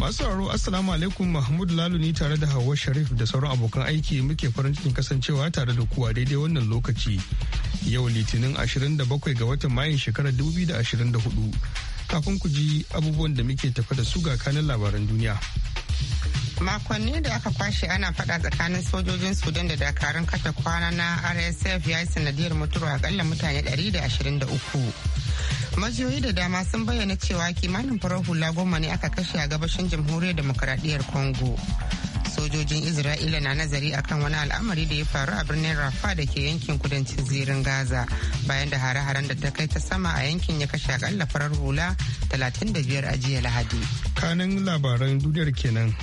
Masu sauraro Assalamu alaikum Mahmud Lalu ne tare da hawa Sharif da sauran abokan aiki muke farin cikin kasancewa tare da kuwa daidai wannan lokaci. Yau Litinin 27 ga watan Mayun shekarar 2024. Kafin ku ji abubuwan da muke tafa da su ga kanin labaran duniya. Makonni da aka kwashe ana fada tsakanin sojojin Sudan da dakarun kafe kwana na RSF ya yi sanadiyar mutuwa akalla mutane 123. majiyoyi da dama sun bayyana cewa kimanin farar hula goma ne aka kashe a gabashin jamhuriyar demokuraɗiyyar congo sojojin isra'ila na nazari akan wani al'amari da ya faru a birnin rafa da ke yankin kudancin zirin gaza bayan da hare-haren da ta kai ta sama a yankin ya kashe akalla farar hula 35 a jiya lahadi kanan labaran duniyar kenan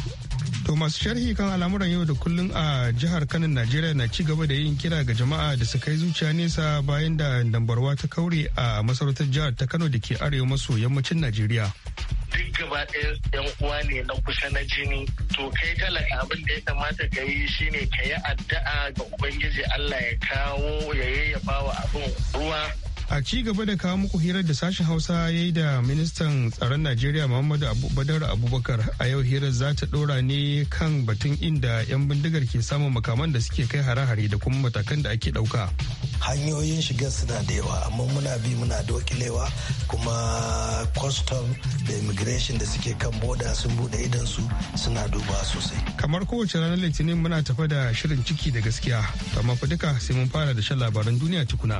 To masu sharhi kan al'amuran yau da kullun a jihar Kano Najeriya na ci gaba da yin kira ga jama'a da su kai zuciya nesa bayan da dambarwa ta kaure a masarautar jihar ta Kano da ke arewa maso yammacin Najeriya. Duk gaba ɗaya yan uwa ne na kusa na jini. To kai talaka abin da ya kamata ka yi shine ka yi addu'a ga Ubangiji Allah ya kawo ya yayyafa wa abin ruwa a ci gaba da kawo muku hirar da sashen hausa ya yi da ministan tsaron najeriya muhammadu badar abubakar a yau hirar za ta dora ne kan batun inda 'yan bindigar ke samun makaman da suke kai hare-hare da kuma matakan da ake dauka hanyoyin shigar suna da yawa amma muna bi muna dokilewa kuma custom da immigration da suke kan boda sun bude idan su suna duba sosai kamar kowace ranar litinin muna tafa da shirin ciki da gaskiya amma fa duka sai mun fara da shan labaran duniya tukuna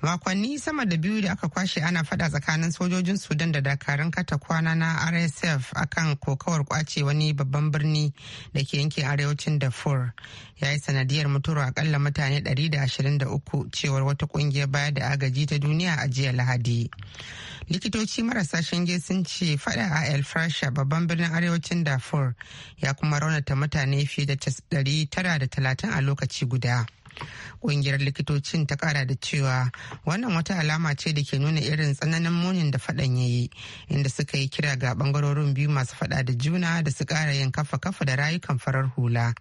makonni sama da biyu da aka kwashe ana fada tsakanin sojojin sudan da dakarun Kata kwana na rsf akan kokawar kwace wani babban birni da ke yankin arewacin darfur ya yi sanadiyar mutuwar akalla mutane 123 cewar wata kungiyar baya da agaji ta duniya a jiya lahadi likitoci marasa shinge sun ce fada a el fasha babban birnin arewacin darfur ya kuma raunata mutane fiye da 930 a lokaci guda. Ƙungiyar likitocin ta ƙara da cewa wannan wata alama ce da ke nuna irin tsananin munin da faɗan ya yi inda suka yi kira ga ɓangarorin biyu masu faɗa da juna da su ƙara yin kafa kafa da rayukan farar hula.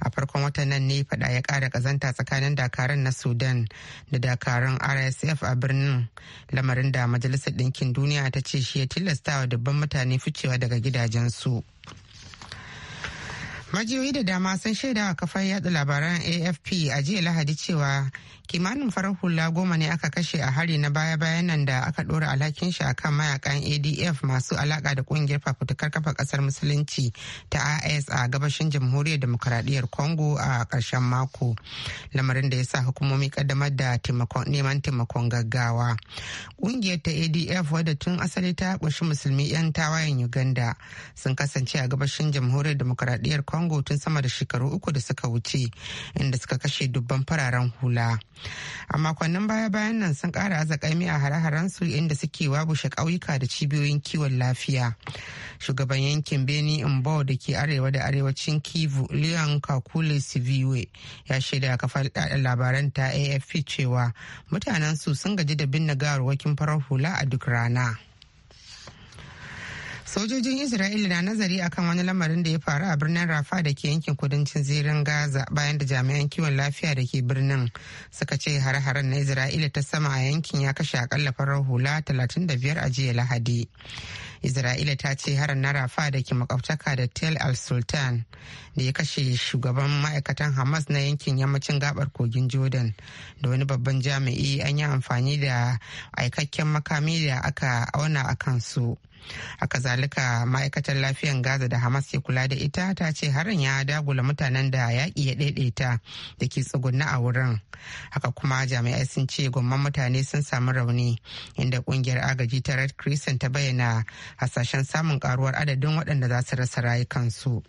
A farkon watan nan ne faɗa ya ƙara ƙazanta tsakanin dakaran na Sudan da dakaran RSF a birnin lamarin da Majalisar Ɗinkin Duniya ta ce shi ya tilastawa dubban mutane ficewa daga gidajensu. majiyoyi da dama sun shaida a kafar yada labaran afp a jiya lahadi cewa kimanin farar hula goma ne aka kashe a hari na baya-bayan nan da aka dora alhakin shi akan mayakan adf masu alaka da kungiyar fafutukar kafa kasar musulunci ta is a gabashin jamhuriyar demokuraɗiyyar congo a karshen mako lamarin da ya sa hukumomi kaddamar da neman taimakon gaggawa kungiyar ta adf wadda tun asali ta kunshi musulmi 'yan tawayen uganda sun kasance a gabashin jamhuriyar demokuraɗiyyar congo congo tun sama da shekaru uku da suka wuce inda suka kashe dubban fararen hula a makonnin baya-bayan nan sun kara azakami a hare-haren su inda suke wabushe ƙauyuka da cibiyoyin kiwon lafiya shugaban yankin beni imbo da ke arewa da arewacin kivu leon kakule siviwe ya shaida kafar labaran ta afp cewa mutanen su sun gaji da binne gawarwakin farar hula a duk rana sojojin isra'ila na nazari akan wani lamarin da ya faru a birnin rafa da ke yankin kudancin zirin gaza bayan da jami'an kiwon lafiya da ke birnin suka ce har-haren na isra'ila ta sama a yankin ya kashe akalla farar hula 35 a jiya lahadi isra'ila ta ce harin na rafa da ke makwabtaka da tel al-sultan da ya kashe shugaban ma'aikatan hamas na yankin yammacin gabar kogin jordan da wani babban jami'i an yi amfani da aikakken makami da aka auna a kansu haka zalika ma'aikatar lafiyan gaza da hamas ke kula da ita ta ce harin ya dagula mutanen da yaƙi ya daidaita da ke tsugunna a wurin haka kuma jami'ai sun ce gomman mutane sun samu rauni inda kungiyar agaji ta red crescent ta bayyana hasashen samun karuwar adadin waɗanda za su rasa rayukansu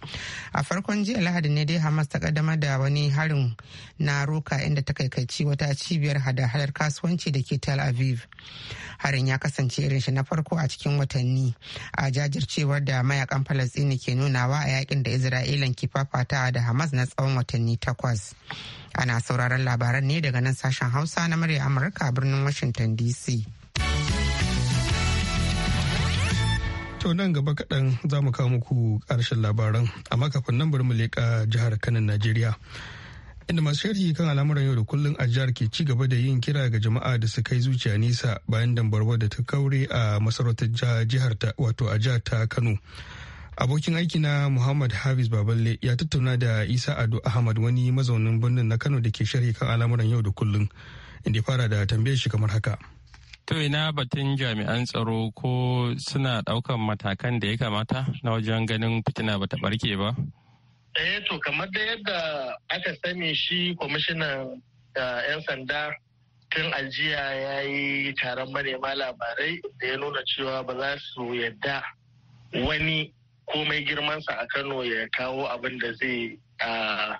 a farkon jiya lahadi ne dai hamas ta kaddamar da wani harin na roka inda ta kaikaici wata cibiyar hada-hadar kasuwanci da ke tel aviv harin ya kasance irin shi na farko a cikin watanni a jajircewar da mayakan falastini ke nunawa a yakin da isra'ilan ke fafatawa da hamas na tsawon watanni takwas ana sauraron labaran ne daga nan sashen hausa na murya amurka birnin washington dc To nan gaba kaɗan za mu kawo muku ƙarshen labaran, a makafin nan bari mu leƙa jihar Kano Najeriya. Inda masu sharhi kan al'amuran yau da kullum a jihar ke ci gaba da yin kira ga jama'a da su kai zuciya nisa bayan dambarwar da ta kaure a masarautar jihar ta wato a jihar ta Kano. Abokin aiki na Muhammad Hafiz Baballe ya tattauna da Isa Ado Ahmad wani mazaunin birnin na Kano da ke sharhi kan al'amuran yau da kullum. Inda fara da tambayar shi kamar haka. To ina batun jami'an tsaro ko suna ɗaukan matakan da ya kamata na wajen ganin fitina bata barke ba? Eh to kamar da yadda aka sani shi kwamishinan 'yan eh, sanda tun aljiya ya yi taron manema labarai da ya nuna cewa ba za su yadda wani komai girmansa a Kano ya kawo abin da zai ah,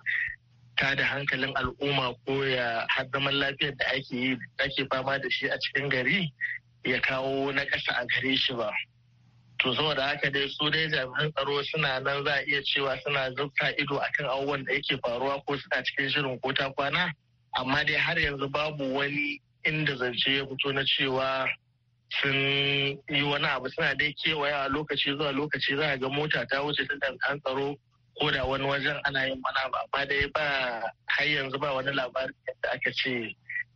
tada hankalin al'umma ko ya haddaman lafiyar da ake yi ake fama da shi a cikin gari ya kawo na ƙasa a gare shi ba to saboda haka dai su dai jami'an tsaro suna nan za a iya cewa suna zubta ido akan abubuwan da yake faruwa ko suna cikin shirin ko ta kwana amma dai har yanzu babu wani inda zance ya fito na cewa sun yi wani abu suna dai kewaya lokaci zuwa lokaci za a ga mota ta wuce ta jami'an tsaro ko da wani wajen ana yin mana ba amma dai ba har yanzu ba wani labarin yadda aka ce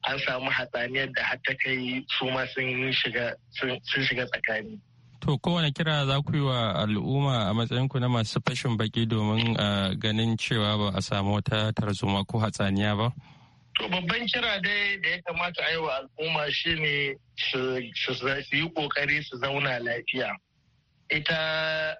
an samu hatsaniyar da har ta kai su ma sun shiga tsakani. To kowane kira za ku yi wa al'umma a matsayinku na masu fashin baki domin ganin cewa ba a samu wata tarzoma ko hatsaniya ba? To babban kira dai da ya kamata a yi wa al'umma shine su yi kokari su zauna lafiya. ita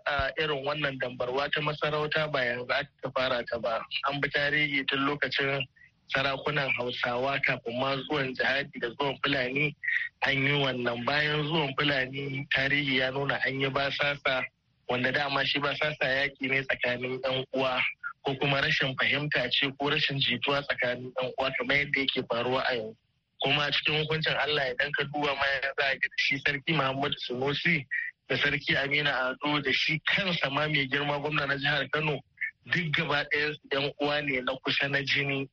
a irin wannan dambarwa ta masarauta ba yanzu aka fara ta ba an bi tarihi tun lokacin sarakunan hausawa kafin ma zuwan jihadi da zuwan fulani an yi wannan bayan zuwan fulani tarihi ya nuna an yi basasa wanda dama shi basasa yaƙi ne tsakanin yan uwa ko kuma rashin fahimta ce ko rashin jituwa tsakanin yan uwa kamar yadda yake faruwa a yau kuma cikin hukuncin Allah idan ka duba ma za a shi sarki Muhammadu Sunusi da sarki amina ado da shi kansa ma mai girma gwamna na jihar kano duk gaba ɗaya yan uwa ne na kusa na jini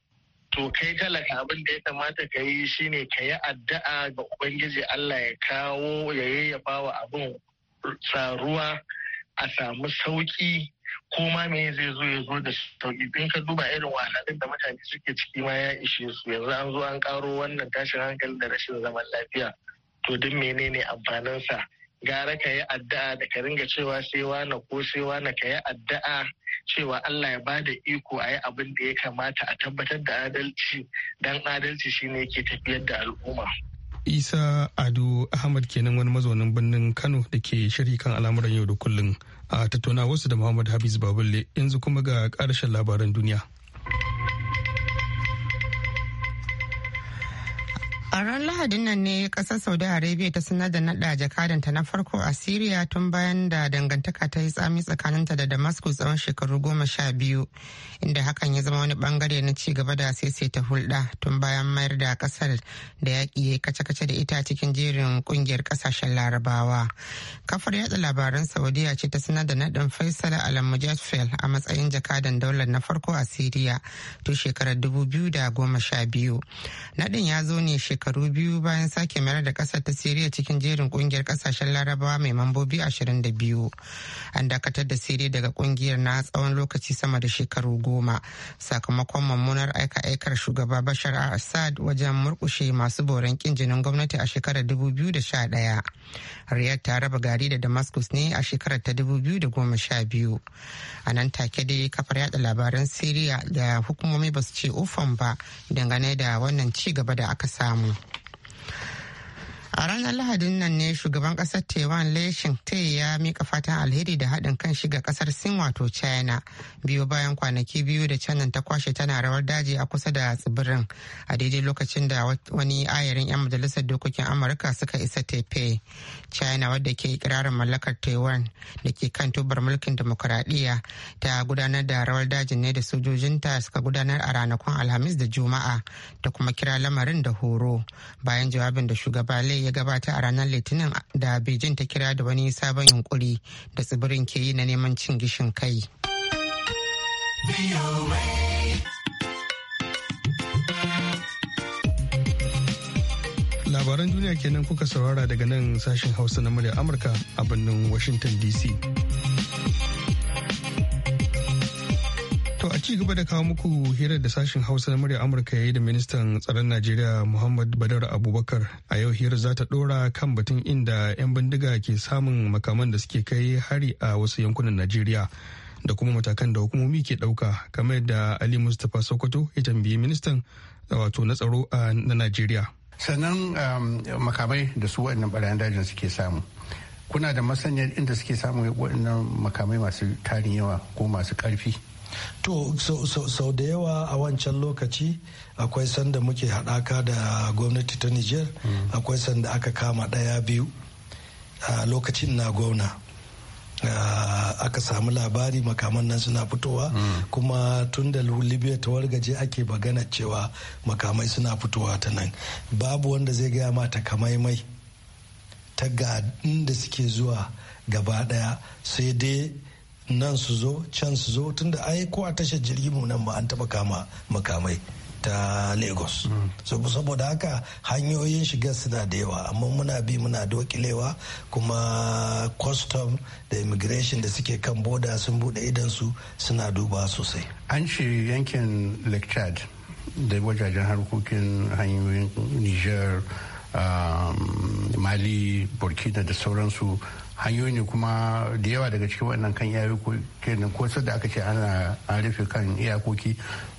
to kai talaka abin da ya kamata ka yi shine ka yi addu'a ga ubangiji allah ya kawo ya yayyafa wa abin tsaruwa a samu sauki ko ma me zai zo ya zo da sauki in ka duba irin wahalhalun da mutane suke ciki ma ya ishe su yanzu an zo an karo wannan tashin hankali da rashin zaman lafiya to duk menene amfaninsa gara ka yi addu'a da ka ringa cewa sai wane ko sai wane ka yi addu'a cewa Allah ya ba da iko a yi abin da ya kamata a tabbatar da adalci don adalci shine yake tafiyar da al'umma. Isa Ado Ahmad kenan wani mazaunin birnin Kano da ke shiri kan al'amuran yau da kullum a tattauna wasu da Muhammad Hafiz babulle yanzu kuma ga ƙarshen labaran duniya. A ran Lahadin nan ne kasar Saudi Arabia ta sanar da nada jakadanta na farko a Siriya tun bayan da dangantaka ta yi tsami tsakaninta da Damascus tsawon shekaru goma sha biyu, inda hakan ya zama wani bangare na ci gaba da ta hulɗa tun bayan mayar da kasar da yaƙi ya kace-kace da ita cikin jerin ƙungiyar ƙasashen Larabawa. Kafar yatsa labaran Saudiya ce ta sanar da nadin Faisal Al mujaffel a matsayin jakadan daular na farko a Siriya tun shekarar dubu biyu da goma sha biyu. Nadin ya zo ne shekaru shekaru biyu bayan sake mayar da kasar ta siriya cikin jerin kungiyar kasashen larabawa mai mambobi 22 an dakatar da siriya daga kungiyar na tsawon lokaci sama da shekaru goma sakamakon mummunar aika-aikar shugaba bashar assad wajen murkushe masu boran kin jinin gwamnati a shekarar 2011 riyar ta raba gari da damascus ne a shekarar ta 2012 a nan take dai kafar yada labaran siriya da hukumomi ba su ce ufan ba dangane da wannan ci gaba da aka samu Mm-hmm. A ranar Lahadin nan ne shugaban kasar Taiwan leshin tai ya mika fatan alheri da haɗin kan shiga kasar Sin wato China biyu bayan kwanaki biyu da China ta kwashe tana rawar daji a kusa da tsibirin a daidai lokacin da wani ayarin 'yan majalisar dokokin Amurka suka isa Taipei. China wadda ke ikirarin mallakar Taiwan da ke kan tubar mulkin demokuraɗiyya ta gudanar da rawar dajin ne da sojojinta suka gudanar a ranakun Alhamis da Juma'a da kuma kira lamarin da horo bayan jawabin da shugaba Lai ya gabata a ranar Litinin da Beijing ta kira da wani sabon yunkuri da tsibirin ke yi na neman cin gishin kai. Labaran duniya kenan kuka saurara daga nan sashen Hausa na murya Amurka a birnin Washington DC. a ci gaba da kawo muku hira da sashen Hausa na murya Amurka ya yi da ministan tsaron Najeriya Muhammad Badar Abubakar a yau hira za ta ɗora kan batun inda 'yan bindiga ke samun makaman da suke kai hari a wasu yankunan Najeriya da kuma matakan da hukumomi ke ɗauka kamar yadda Ali Mustapha Sokoto ya tambayi ministan wato na tsaro na Najeriya. Sannan um, makamai da su waɗannan ɓarayen dajin suke samu. Kuna da masaniyar inda suke samun waɗannan makamai masu tarin yawa ko masu ƙarfi. to sau da yawa a wancan lokaci akwai sanda muke haɗaka da gwamnati ta niger mm. akwai sanda aka kama ɗaya biyu a lokacin na gwamna aka samu labari makaman nan suna fitowa mm. kuma tun da libya ta wargaje ake magana cewa makamai suna fitowa ta nan babu wanda zai gaya mata mai ta ga inda suke zuwa gaba daya sai dai nan su zo can su zo tunda ai ko a tashar jirgin mu nan ba an taba kama makamai ta lagos mm. so saboda haka hanyoyin shiga suna da yawa amma muna bi muna dokilewa kuma custom da immigration da suke kan boda sun bude su suna duba sosai an ce yankin lake chad da wajajen harkokin hanyoyin niger um, mali burkina da sauransu hanyoyi ne kuma da yawa daga cikin wannan kan iyakokin ko da aka ce ana an rufe kan iyakoki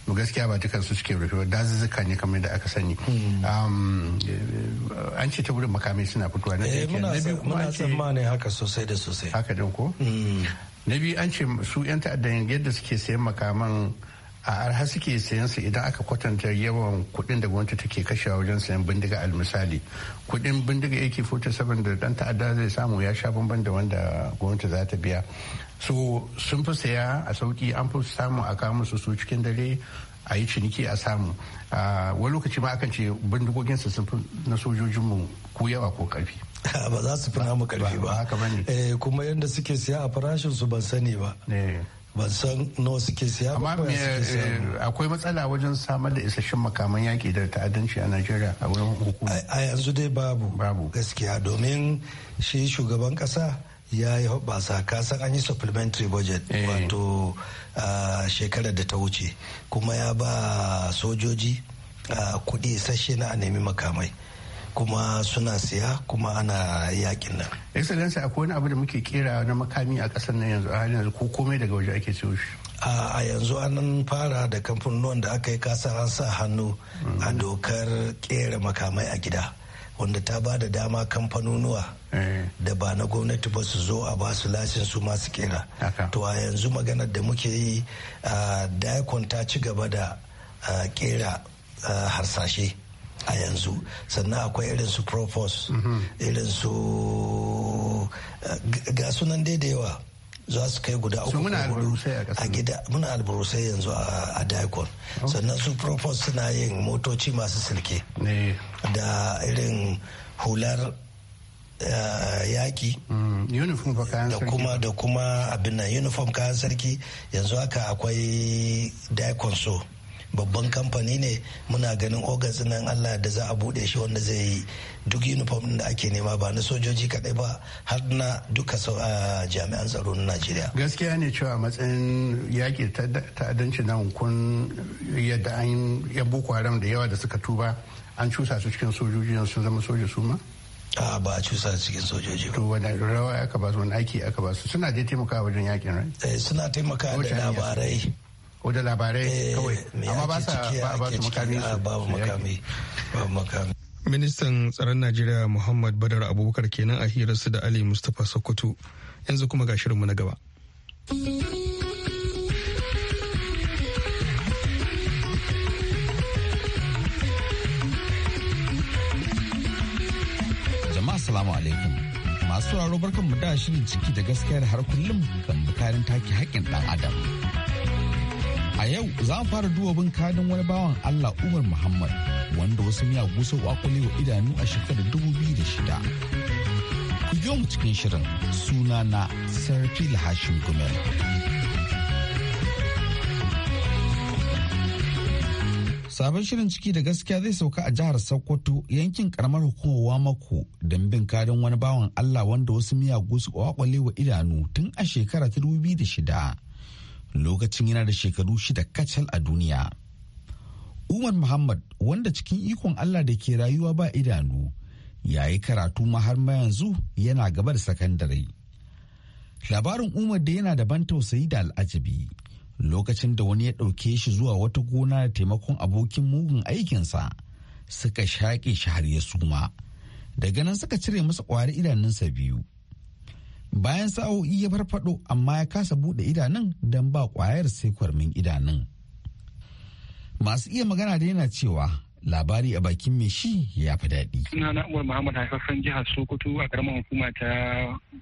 mu gaskiya ba dukkan su suke rufe dazuzzuka ne kamar da aka sani hmm. an ce ta wurin makamai suna fitowa na eh, biyu kuma an ce ne haka sosai da sosai haka ko hmm. na biyu an ce su yan ta'addan yadda suke sayan makaman a arha suke sayan su idan aka kwatanta yawan kuɗin da gwamnati take kashewa wajen sayan bindiga al misali kuɗin bindiga ak-47 da dan ta'adda zai samu ya sha bamban da wanda gwamnati za ta biya so sun fi saya a sauki an fi samu a kawo musu su cikin dare a yi ciniki a samu wani lokaci ma akan ce bindigogin su sun fi na sojojin mu ko yawa ko karfi ba za su fi namu karfi ba eh, kuma yadda suke saya a farashin su ban sani ba eh. ban san nawa suke siya ba eh, akwai matsala wajen samar da isasshen makaman yaƙi da ta'addanci a Najeriya a wurin hukuma a yanzu dai babu babu gaskiya domin shi shugaban kasa ya yi hoɓasa san an yi supplementary budget eh. wato shekarar da ta wuce kuma ya ba sojoji kuɗi isasshe na a nemi makamai kuma suna siya kuma ana yakin nan. excellency akwai wani abu da muke kera na makami a kasar nan yanzu a yanzu ko komai daga waje ake ciwo shi a yanzu an fara da kamfanin da aka yi kasar an sa hannu a mm. dokar kera makamai a gida wanda ta ba da dama kamfanonuwa eh. da ba na gwamnati ba su zo a ba su lasin su masu kera to a yanzu maganar da muke yi daikon ta ci gaba da kera harsashe a yanzu sannan akwai irin su propos irin su eh, ga sunan da yawa za su kai guda uku a gida muna alburusai yanzu a daikon oh. sannan su propos suna yin motoci masu silke da irin hular eh, yaki mm, da kuma da kuma abin nan uniform kayan sarki yanzu haka akwai daikon so babban kamfani ne muna ganin ogas nan allah da za a buɗe shi wanda zai yi duk uniform da ake nema ba na sojoji kadai ba har na duka sau a jami'an tsaro na najeriya gaskiya ne cewa matsayin yaƙi ta'addanci nan kun yadda an yan boko haram da yawa da suka tuba an cusa su cikin sojoji sun zama soja su ma a ba a cusa cikin sojoji to wani rawa aka ba su wani aiki aka ba su suna dai taimakawa wajen yakin rai eh, suna taimakawa da labarai ko da labarai kawai amma ba sa su makami babu babu makami ministan tsaron najeriya muhammad badar abubakar kenan a hirarsu da ali mustapha sokoto yanzu kuma ga shirinmu na gaba jama'a salamu alaikum masu raro barkan mu da shirin ciki da gaskiyar har kullum kan bukarin take haƙƙin ɗan adam A yau za mu fara bin kadin wani bawan Allah Umar Muhammad wanda wasu miya gusa akwale wa idanu a shekarar shida. Ku biyo mu cikin shirin suna na Sarki Lahashin Gumel. Sabon shirin ciki da gaskiya zai sauka a jihar Sokoto yankin karamar hukumowa mako don bin kadin wani bawan Allah wanda wasu miyagu su kwakwale wa idanu tun a shekara ta shida. lokacin yana da shekaru shida kacal a duniya. Umar Muhammad wanda cikin ikon Allah da ke rayuwa ba idanu ya yi karatu ma har ma yanzu yana gaba da sakandare. Labarin Umar da yana da ban tausayi da al'ajabi lokacin da wani ya ɗauke shi zuwa wata gona da taimakon abokin mugun aikinsa suka shaƙe shi har ya suma. Daga nan suka cire masa ƙwari idanunsa biyu bayan sa'o'i ya farfado amma ya kasa bude idanun don ba kwayar sai kwarmin idanun masu iya magana da yana cewa labari a bakin mai shi ya fi daɗi. Suna na Umar Muhammad haifafen jihar Sokoto a karamar hukuma ta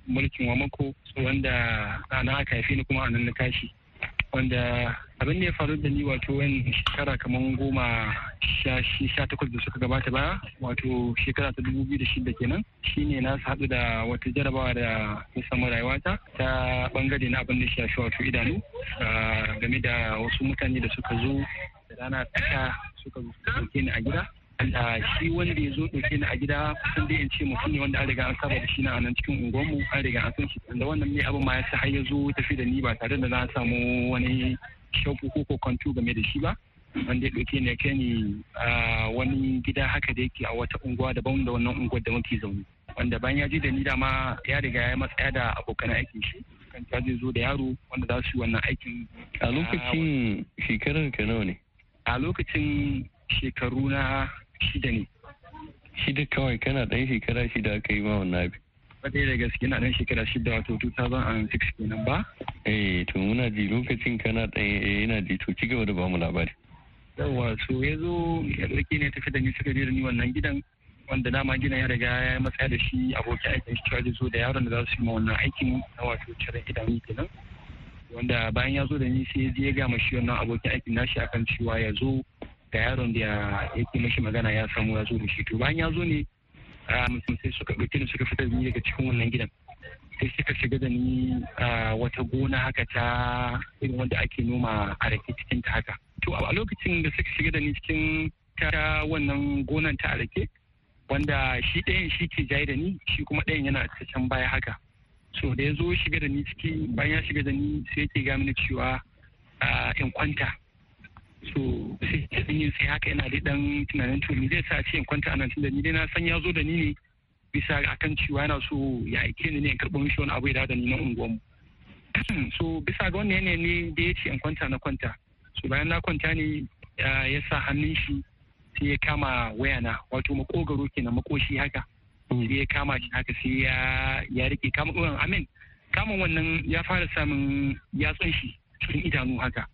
mulkin Wamako wanda ana aka ni kuma a nan na tashi wanda abin da ya faru da ni wato wani shekara kamar goma sha takwas da suka gabata ba wato shekara ta dubu biyu da shida kenan shine na haɗu da wata jarabawa da ya samu rayuwata ta bangare na abin da shafi wato idanu game da wasu mutane da suka zo da rana ta suka zo ni a gida da shi wanda ya zo ɗauke ni a gida kusan dai in ce mutum ne wanda an riga an saba da shi na nan cikin unguwarmu an riga an san shi da wannan ne abin ma ya sa har ya zo tafi da ni ba tare da na samu wani shauku ko kokonto game da shi ba wanda ya ɗauke ne kai ni a wani gida haka da yake a wata unguwa daban da wannan unguwar da muke zaune wanda bayan ya je da ni dama ya riga ya matsaya da abokan aikin shi kan ta zai zo da yaro wanda za su yi wannan aikin a lokacin shekarar ka nawa ne a lokacin shekaru na shida ne shida kawai kana ɗan shekara shida aka yi ma wannan abin kwadai da gaske na ɗan shekara shida wato 2006 kenan ba. Eh to muna ji lokacin kana ɗan yana eh, ji to ci gaba da bamu labari. Yawwa so ya zo yarki ne tafi da ni suka je da ni wannan gidan wanda dama gina ya riga ya matsaya da shi abokin aikin shi cewa zo da yaron da za su yi ma wannan aikin na wato cire idanu kenan. Wanda bayan ya zo da ni sai ya je ya gama shi wannan abokin aikin nashi akan cewa ya zo da yaron da ya yake mashi magana ya samu ya zo da shi to bayan ya zo ne sai suka ɗauki suka fitar da ni daga cikin wannan gidan sai suka shiga da ni wata gona haka ta irin wanda ake noma a rake cikin ta haka to a lokacin da suka shiga da ni cikin ta wannan gonan ta rake wanda shi ɗayan shi ke jayi da ni shi kuma ɗayan yana can baya haka so da ya zo shiga da ni ciki bayan ya shiga da ni sai yake ga cewa in kwanta so sai abin yin sai haka yana da dan tunanin to zai sa ce in kwanta anan da ni dai na san ya zo da ni ne bisa akan cewa yana so ya aike ni ne karɓar mishi wani abu ya da ni na unguwanmu so bisa ga wannan yanayi ne da ya ce in kwanta na kwanta so bayan na kwanta ne ya sa hannun shi sai ya kama na wato makogaro na makoshi haka mm. sai ya kama shi haka sai ya rike kama oh, amin Kama wannan ya fara samun yatsun shi cikin idanu haka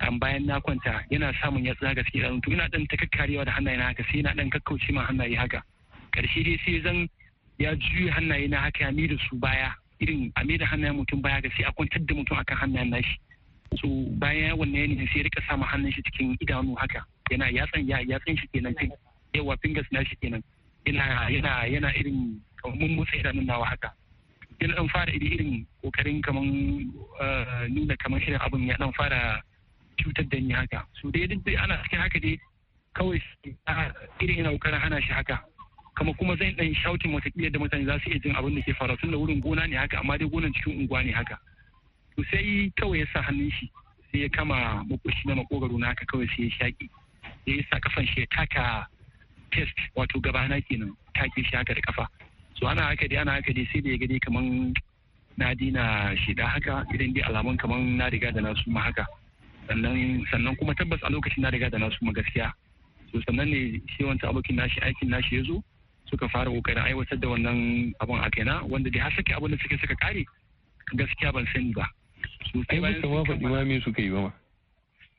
an bayan na kwanta yana samun ya tsaga cikin idanu to ina dan takakkarewa da hannaye na haka sai yana dan kakkauce ma hannaye haka karshe dai sai zan ya juye hannaye na haka ya da su baya irin a da hannayen mutum baya ga sai a kwantar da mutum akan hannayen nashi so bayan wannan yanayin sai ya rika sama hannun shi cikin idanu haka yana yatsan yatsan shi kenan yawa fingers na shi kenan yana yana yana irin mun motsa idanun nawa haka yana dan fara irin kokarin kaman eh, nuna kaman shirin abun ya dan fara cutar da ni haka su dai duk ana cikin haka dai kawai irin yana kokarin hana shi haka kama kuma zan dan wata kiyar da mutane za su iya jin abin da ke faru tun da wurin gona ne haka amma dai gonan cikin unguwa ne haka to sai kawai ya sa hannun shi sai ya kama makoshi na makogaro na haka kawai sai ya shaki ya yi sa kafan shi ya taka test wato gabana kenan take shi haka da kafa so ana haka dai ana haka dai sai da ya gani kaman na dina shida haka idan dai alamun kaman na riga da na suma haka sannan sannan kuma tabbas a lokacin na riga da nasu kuma gaskiya so sannan ne shi wancan abokin nashi aikin nashi ya zo suka fara kokarin aiwatar da wannan abun a kaina wanda dai har suke abin da suke suka kare gaskiya ban sani ba su sai ba su ba me suka yi ba ma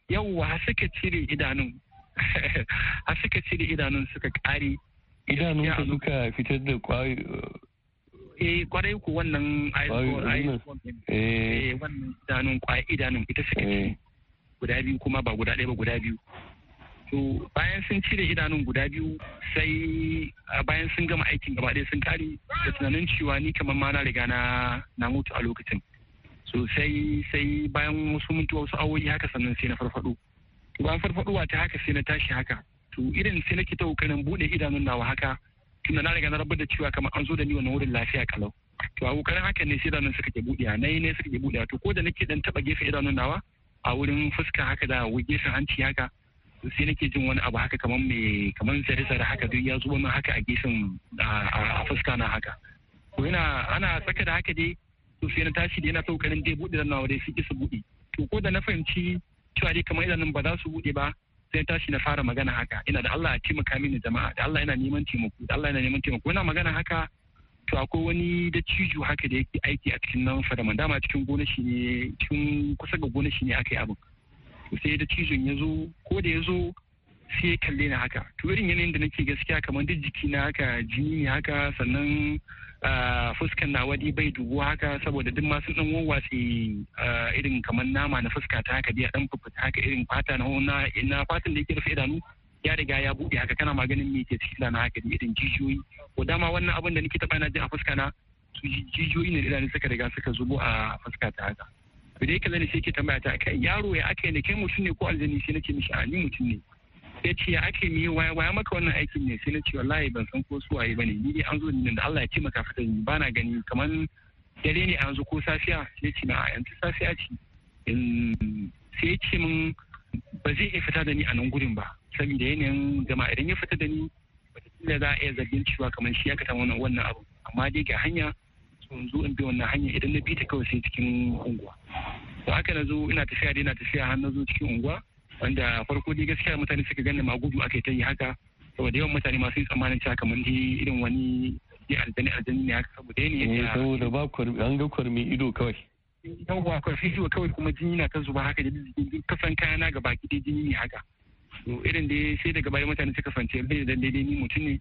yawwa har suka cire idanun har suka cire idanun suka kare idanun ka suka fitar da kwai uh, eh kwarai ku wannan eh. eh wannan idanun kwai idanun ita suka eh. cire guda biyu kuma ba guda ɗaya ba guda biyu to bayan sun cire idanun guda biyu sai bayan sun gama aikin gaba ɗaya sun kare da tunanin cewa ni kamar ma na riga na na mutu a lokacin so sai sai bayan wasu mintu wasu awoyi haka sannan sai na farfaɗo to bayan farfadowa ta haka sai na tashi haka to irin sai nake ta kokarin buɗe idanun nawa haka tunda na riga na rabar da cewa kamar an zo da ni wannan wurin lafiya kalau to a kokarin haka ne sai idanun suka ke buɗewa na yi ne suka ke buɗewa to ko da nake dan taɓa gefe idanun nawa a wurin fuska haka da gefen hanci haka sai nake jin wani abu haka kamar mai kamar zare-zare haka duk ya zuba min haka a gefen a fuska na haka to yana ana tsaka da haka dai to sai na tashi da yana saukarin dai buɗe da nawa dai su ki su buɗe to ko da na fahimci cewa dai kamar idan ba za su buɗe ba sai tashi na fara magana haka ina da Allah ya taimaka mini jama'a da Allah yana neman taimako da Allah yana neman taimako ina magana haka to akwai wani ciju haka da yake aiki a cikin nan da dama cikin gona shi ne cikin kusa ga gona shi ne aka yi abin sai dattijon ya zo ko da ya zo sai ya kalle ni haka to irin yanayin da nake gaskiya kamar duk jiki na haka jini ne haka sannan fuskan na wadi bai dubu haka saboda duk masu dan wawwatse irin kamar nama na fuska ta haka dai a dan fufuta haka irin fata na na fatan da yake rufe idanu ya riga ya buɗe haka kana maganin me ke cikin na haka irin jijiyoyi ko dama wannan abin da nake taɓa yana ji a fuska na su jijiyoyi ne da suka riga suka zubo a fuska ta haka to dai kaza ne sai ke tambaya ta kai yaro ya aka ne kai mutum ne ko aljani sai nace mishi a ni mutum ne ya ce ya ake me waya waya maka wannan aikin ne sai nace wallahi ban san ko su waye bane ni dai an zo nan da Allah ya ce maka fita ni bana gani kaman dare ne a yanzu ko safiya sai ce na a yanzu safiya ce sai ya ce min ba zai iya fita da ni a nan gudun ba saboda yanayin jama'a idan ya fita da ni wataƙila za a iya zargin cewa kamar shi ya kata wannan wannan abu amma dai ga hanya yanzu zo in bi wannan hanya idan na bi ta kawai sai cikin unguwa to haka na zo ina tafiya dai ina tafiya har na zo cikin unguwa wanda farko dai gaskiya mutane suka gane ma gudu aka ta yi haka saboda yawan mutane masu yin tsammanin cewa kamar dai irin wani dai aljani aljani ne haka saboda yanayin eh, saboda ba an ga kwarmi ido kawai yawwa sai fito kawai kuma jini na ta zuba haka da kasan kayana ga baki dai jini ne haka to irin dai sai daga baya mutane suka fance bai da daidai ni mutum ne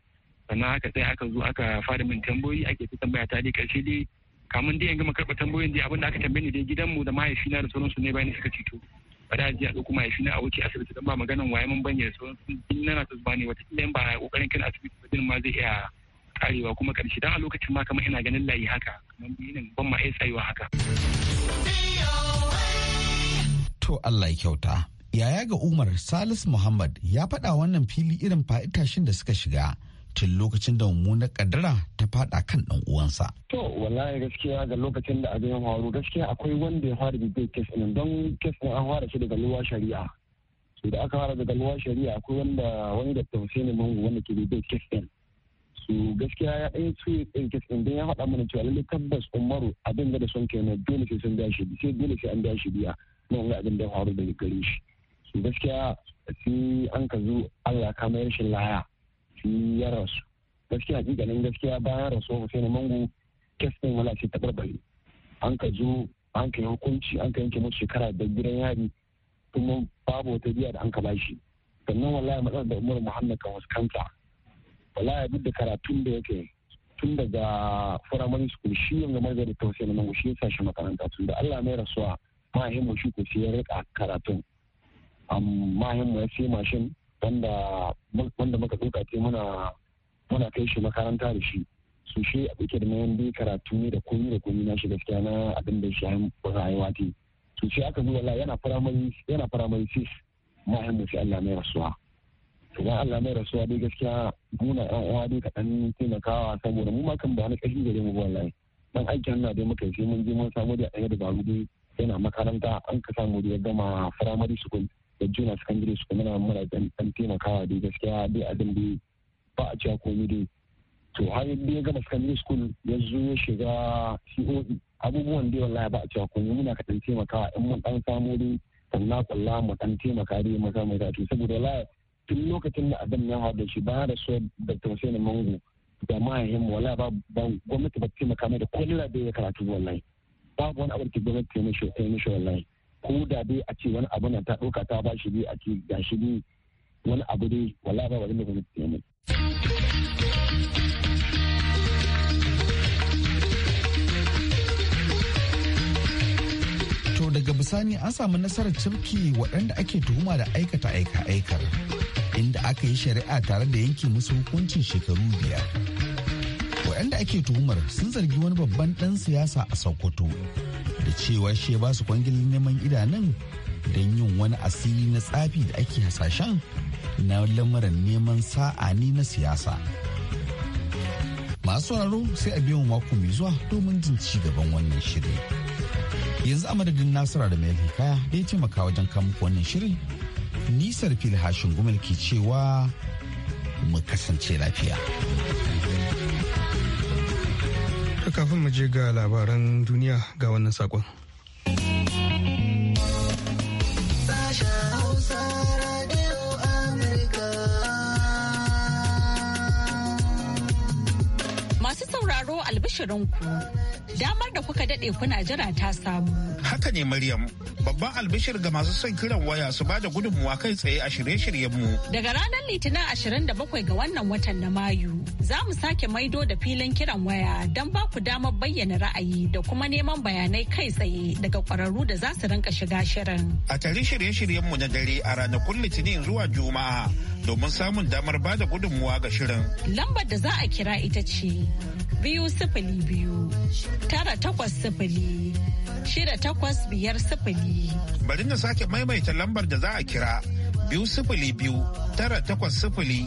sannan haka sai aka zo aka fara min tambayoyi ake ta tambaya ta dai karshe dai kamun dai yanga karɓar tambayoyin dai abinda aka tambaye ni dai gidanmu da mahaifina da sauransu ne bayan suka ceto ba da ji a ɗauko mahaifina a wuce asibiti don ba maganan waye mun banye da sauransu din na ta zuba ne wata kila ba kokarin kan asibiti ba din ma zai iya karewa kuma karshe dan a lokacin ma kamar ina ganin layi haka kamar ban ma iya tsayuwa haka. To Allah ya kyauta. Yaya ga Umar Salis Muhammad ya faɗa wannan fili irin fa'itashin da suka shiga tun lokacin da mummunar kaddara ta faɗa kan ɗan uwansa. To wallahi gaskiya ga lokacin da abin ya faru gaskiya akwai wanda ya fara bibiyar kes ɗin don kes ɗin an fara shi daga luwa shari'a. To da aka fara daga luwa shari'a akwai wanda wani da tausayi ne mangu wanda ke bibiyar kes ɗin. to gaskiya ya ɗaya su ɗin don ya faɗa mana cewa lallai tabbas umaru abin da son kai na dole sai sun dashi sai dole sai an dashi biya na wani abin da ya faru daga gare shi gaskiya sai an ka zo allah kama yarshin laya sai ya rasu gaskiya hakikanin gaskiya bayan rasuwa hussein mango kes ɗin wala sai taɓarɓare an ka zo an ka yi hukunci an ka yanke musu shekara da gidan yari kuma babu wata biya da an ka bashi sannan wallahi matsalar da umar muhammad kan wasu kanta. wallahi duk da karatun da yake tun daga firamare school shi yanzu gamar da tausayi na mangu shi ya sashi makaranta tun da Allah mai rasuwa mahimmu shi ko sai ya rika karatun mahimmu ya sai mashin wanda wanda muka duka ce muna muna kai shi makaranta da shi su shi a ɗauke da mayan bi karatu ne da komi da komi na shi gaskiya na abin da shi hayan rayuwa ce su shi aka zuwa yana firamare yana firamare 6 mahimmu shi Allah mai rasuwa idan Allah mai rasuwa dai gaskiya muna yan uwa dai kaɗan taimakawa saboda mu ma kan ba na ƙarfi gare mu wallahi dan aikin na dai muka sai mun je mun samu da ɗaya dabaru dai yana makaranta an ka samu da ya gama firamare school da junior secondary school muna muna dan taimakawa dai gaskiya dai abin dai ba a cewa komai dai to har yadda ya gama secondary school ya zo ya shiga COE abubuwan dai wallahi ba a cewa komai muna kaɗan taimakawa in mun ɗan samu dai sannan kwalla mu ɗan taimaka dai mu samu da to saboda wallahi tun lokacin da adam ya hada shi ba da so da tausayin mango da mahaihim wala ba gwamnati ba ta taimaka da kullum da ya karatu wallahi babu wani abu da gwamnati ta yi ta mishi wallahi ko da dai a ce wani abu na ta ɗauka ta ba shi bi a ce ga shi bi wani abu dai wala ba wani da gwamnati ta yi To daga bisani an samu nasarar cirki waɗanda ake tuhuma da aikata aika-aikar. inda aka yi shari'a tare da yanke musu hukuncin shekaru biyar. Waɗanda ake tuhumar sun zargi wani babban ɗan siyasa a Sokoto da cewa shi ba su kwangilin neman idanun don yin wani asiri na tsafi da ake hasashen na lamarin neman sa'a ne na siyasa. Masu sauraro sai a biyan mako mai zuwa domin jin ci gaban wannan shirin. Yanzu a madadin Nasara da mai hikaya da ya taimaka wajen kamfanin wannan shirin nisar fil hashin ke cewa mu kasance lafiya. kafin mu je ga labaran duniya ga wannan sakon. Masu sauraro albishirinku damar da kuka daɗe kuna jira ta samu. Haka ne Maryam, babban albishir ga masu son kiran waya su ba da gudunmuwa kai tsaye a shirye mu. Daga ranar Litinin ashirin da bakwai ga wannan watan na Mayu, za mu sake maido da filin kiran waya don ba ku damar bayyana ra'ayi da kuma neman bayanai kai tsaye daga ƙwararru da za su rinka shiga shirin. A tare shirye mu na dare a ranakun Litinin zuwa Juma'a. domin samun damar ba da gudunmuwa ga shirin. Lambar da za a kira ita ce biyu sifili biyu tara takwas sifili shida takwas biyar sifili. Bari na sake maimaita lambar da za a kira biyu sifili biyu tara takwas sifili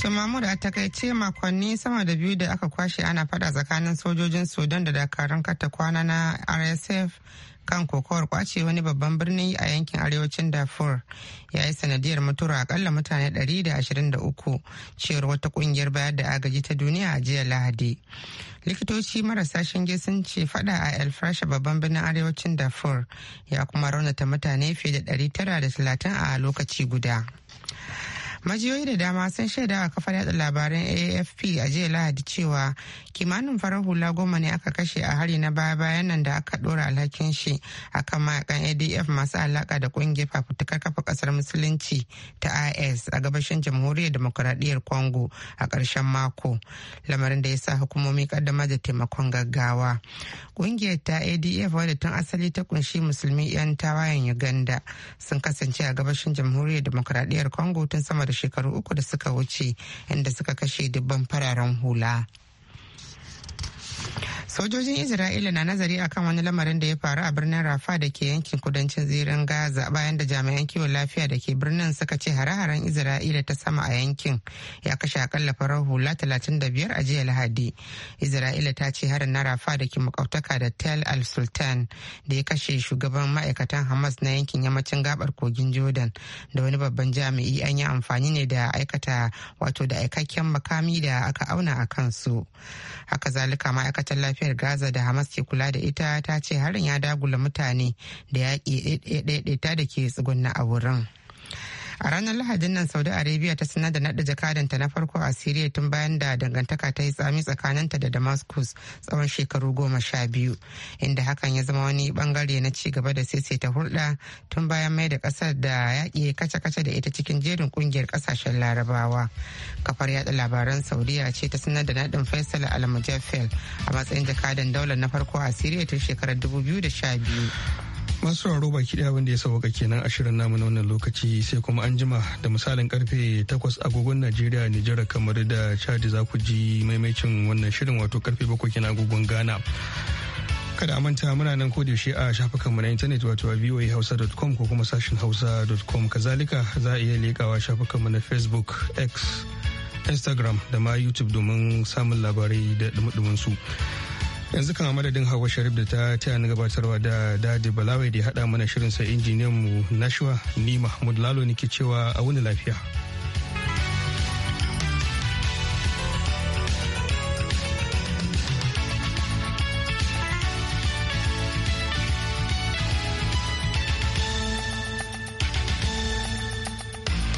Tumamur a takaice makonni sama da biyu da aka kwashe ana fada tsakanin sojojin Sudan da dakarun kata kwana na RSF kan kokowar kwace wani babban birni a yankin arewacin Darfur ya yi sanadiyar mutuwar akalla mutane 123 cewar wata kungiyar bayar da agaji ta duniya a jiya Lahadi. Likitoci marasa shinge sun ce fada a El Fasha babban birnin arewacin Darfur ya kuma raunata mutane fiye da 930 a lokaci guda. majiyoyi da dama sun shaida a kafar yada labaran afp a jiya lahadi cewa kimanin farar hula goma ne aka kashe a hari na baya bayan nan da aka dora alhakin shi akan mayakan adf masu alaka da kungiyar fafutukar kafa kasar musulunci ta is a gabashin jamhuriyar demokuraɗiyyar congo a ƙarshen mako lamarin da ya sa hukumomi kaddamar da taimakon gaggawa kungiyar ta adf wadda tun asali ta kunshi musulmi 'yan tawayen uganda sun kasance a gabashin jamhuriyar demokuraɗiyyar congo tun sama da shekaru uku da suka wuce inda suka kashe dubban fararen hula. sojojin isra'ila na nazari akan wani lamarin da ya faru a birnin rafa da ke yankin kudancin zirin gaza bayan da jami'an kiwon lafiya da ke birnin suka ce hare-haren isra'ila ta sama a yankin ya kashe akalla farar hula 35 a jiya lahadi isra'ila ta ce harin na rafa da ke makautaka da tel al sultan da ya kashe shugaban ma'aikatan hamas na yankin yammacin gabar kogin jordan da wani babban jami'i an yi amfani ne da aikata wato da aikakken makami da aka auna a kansu haka zalika ma'aikatar lafiyar gaza da hamas ke kula da ita ta ce harin ya dagula mutane da yaƙi ɗaiɗaita eh, eh, eh, da ke tsugunna a wurin a ranar lahadin nan saudi arabia ta sanar da naɗa jakadanta na farko a siriya tun bayan da dangantaka ta yi tsami tsakaninta da damascus tsawon shekaru goma sha biyu inda hakan ya zama wani bangare na ci gaba da ta hulɗa tun bayan mai da ƙasar da yaƙi kace-kace da ita cikin jerin ƙungiyar ƙasashen larabawa kafar yaɗa labaran saudiya ce ta sanar da naɗin faisal al-mujaffel a matsayin jakadan daular na farko a siriya tun shekarar biyu. masu sauraro baki daya wanda ya sauka kenan ashirin namu na wannan lokaci sai kuma an jima da misalin karfe 8 agogon najeriya nijar kamar da chad za ku ji maimaicin wannan shirin wato karfe 7 kenan agogon ghana kada a manta muna nan ko yaushe a shafukan mu na intanet wato a voahausa.com ko kuma sashin hausa.com kazalika za a iya lekawa shafukan mu na facebook x instagram da ma youtube domin samun labarai da dumudumin su yanzu kan madadin hawa sharif da ta taya ni gabatarwa da dadi balawai da ya haɗa mana shirin sa injiniyan mu nashwa ni mahmud lalo ke cewa a wani lafiya